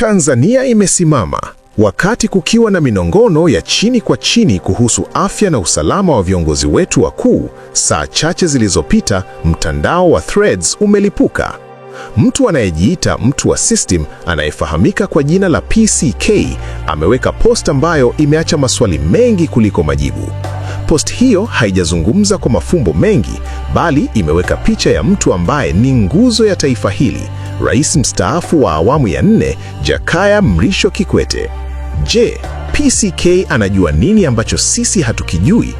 Tanzania imesimama wakati kukiwa na minongono ya chini kwa chini kuhusu afya na usalama wa viongozi wetu wakuu. Saa chache zilizopita, mtandao wa Threads umelipuka. Mtu anayejiita mtu wa system anayefahamika kwa jina la PCK ameweka post ambayo imeacha maswali mengi kuliko majibu. Post hiyo haijazungumza kwa mafumbo mengi, bali imeweka picha ya mtu ambaye ni nguzo ya taifa hili rais mstaafu wa awamu ya nne Jakaya Mrisho Kikwete. Je, PCK anajua nini ambacho sisi hatukijui?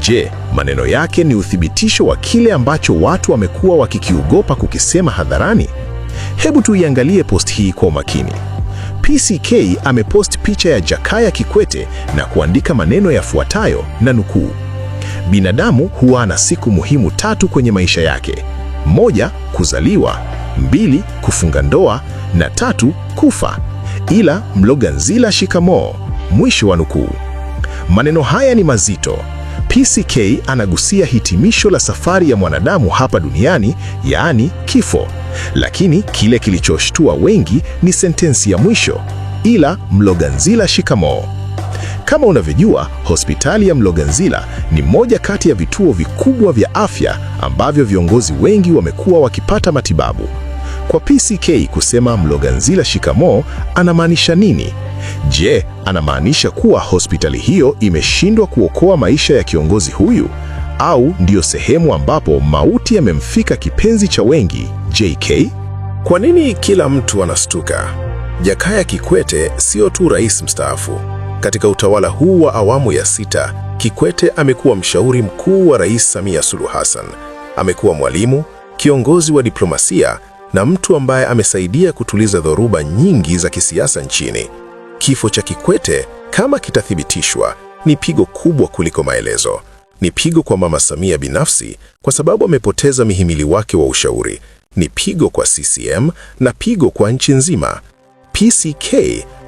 Je, maneno yake ni uthibitisho wa kile ambacho watu wamekuwa wakikiogopa kukisema hadharani? Hebu tuiangalie post hii kwa umakini. PCK amepost picha ya Jakaya Kikwete na kuandika maneno yafuatayo na nukuu: Binadamu huwa na siku muhimu tatu kwenye maisha yake moja, kuzaliwa; mbili, kufunga ndoa; na tatu, kufa. Ila Mloganzila shikamoo. Mwisho wa nukuu. Maneno haya ni mazito. PCK anagusia hitimisho la safari ya mwanadamu hapa duniani, yaani kifo. Lakini kile kilichoshtua wengi ni sentensi ya mwisho, ila Mloganzila shikamoo. Kama unavyojua, hospitali ya Mloganzila ni moja kati ya vituo vikubwa vya afya ambavyo viongozi wengi wamekuwa wakipata matibabu. Kwa PCK kusema Mloganzila shikamoo anamaanisha nini? Je, anamaanisha kuwa hospitali hiyo imeshindwa kuokoa maisha ya kiongozi huyu au ndiyo sehemu ambapo mauti yamemfika kipenzi cha wengi JK? Kwa nini kila mtu anastuka? Jakaya Kikwete sio tu rais mstaafu. Katika utawala huu wa awamu ya sita, Kikwete amekuwa mshauri mkuu wa Rais Samia Suluhu Hassan. Amekuwa mwalimu, kiongozi wa diplomasia na mtu ambaye amesaidia kutuliza dhoruba nyingi za kisiasa nchini. Kifo cha Kikwete, kama kitathibitishwa, ni pigo kubwa kuliko maelezo. Ni pigo kwa Mama Samia binafsi kwa sababu amepoteza mihimili wake wa ushauri. Ni pigo kwa CCM na pigo kwa nchi nzima. PCK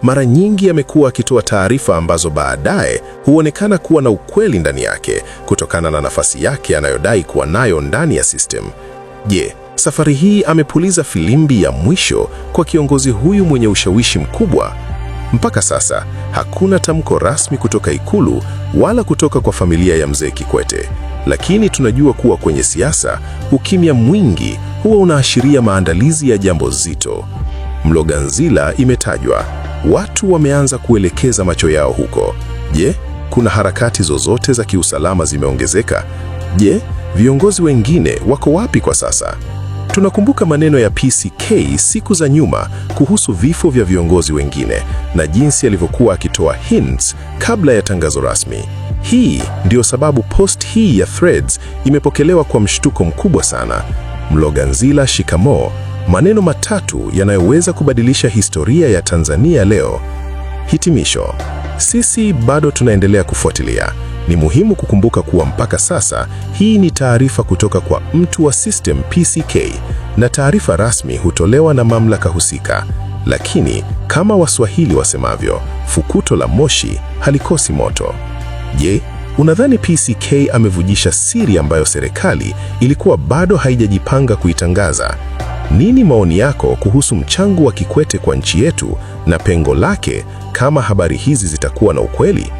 mara nyingi amekuwa akitoa taarifa ambazo baadaye huonekana kuwa na ukweli ndani yake kutokana na nafasi yake anayodai kuwa nayo ndani ya system. Je, safari hii amepuliza filimbi ya mwisho kwa kiongozi huyu mwenye ushawishi mkubwa? Mpaka sasa hakuna tamko rasmi kutoka Ikulu wala kutoka kwa familia ya mzee Kikwete, lakini tunajua kuwa kwenye siasa ukimya mwingi huwa unaashiria maandalizi ya jambo zito. Mloganzila imetajwa. Watu wameanza kuelekeza macho yao huko. Je, kuna harakati zozote za kiusalama zimeongezeka? Je, viongozi wengine wako wapi kwa sasa? Tunakumbuka maneno ya PCK siku za nyuma kuhusu vifo vya viongozi wengine na jinsi alivyokuwa akitoa hints kabla ya tangazo rasmi. Hii ndiyo sababu post hii ya Threads imepokelewa kwa mshtuko mkubwa sana. Mloganzila shikamoo maneno matatu yanayoweza kubadilisha historia ya Tanzania leo. Hitimisho: sisi bado tunaendelea kufuatilia. Ni muhimu kukumbuka kuwa mpaka sasa hii ni taarifa kutoka kwa mtu wa system PCK, na taarifa rasmi hutolewa na mamlaka husika. Lakini kama Waswahili wasemavyo, fukuto la moshi halikosi moto. Je, unadhani PCK amevujisha siri ambayo serikali ilikuwa bado haijajipanga kuitangaza? Nini maoni yako kuhusu mchango wa Kikwete kwa nchi yetu na pengo lake kama habari hizi zitakuwa na ukweli?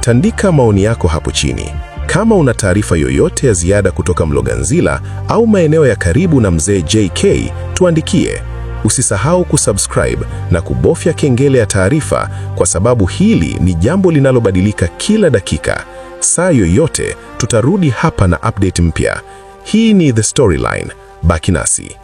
Tandika maoni yako hapo chini. Kama una taarifa yoyote ya ziada kutoka Mloganzila au maeneo ya karibu na mzee JK, tuandikie. Usisahau kusubscribe na kubofya kengele ya taarifa kwa sababu hili ni jambo linalobadilika kila dakika. Saa yoyote tutarudi hapa na update mpya. Hii ni The Storyline. Baki nasi.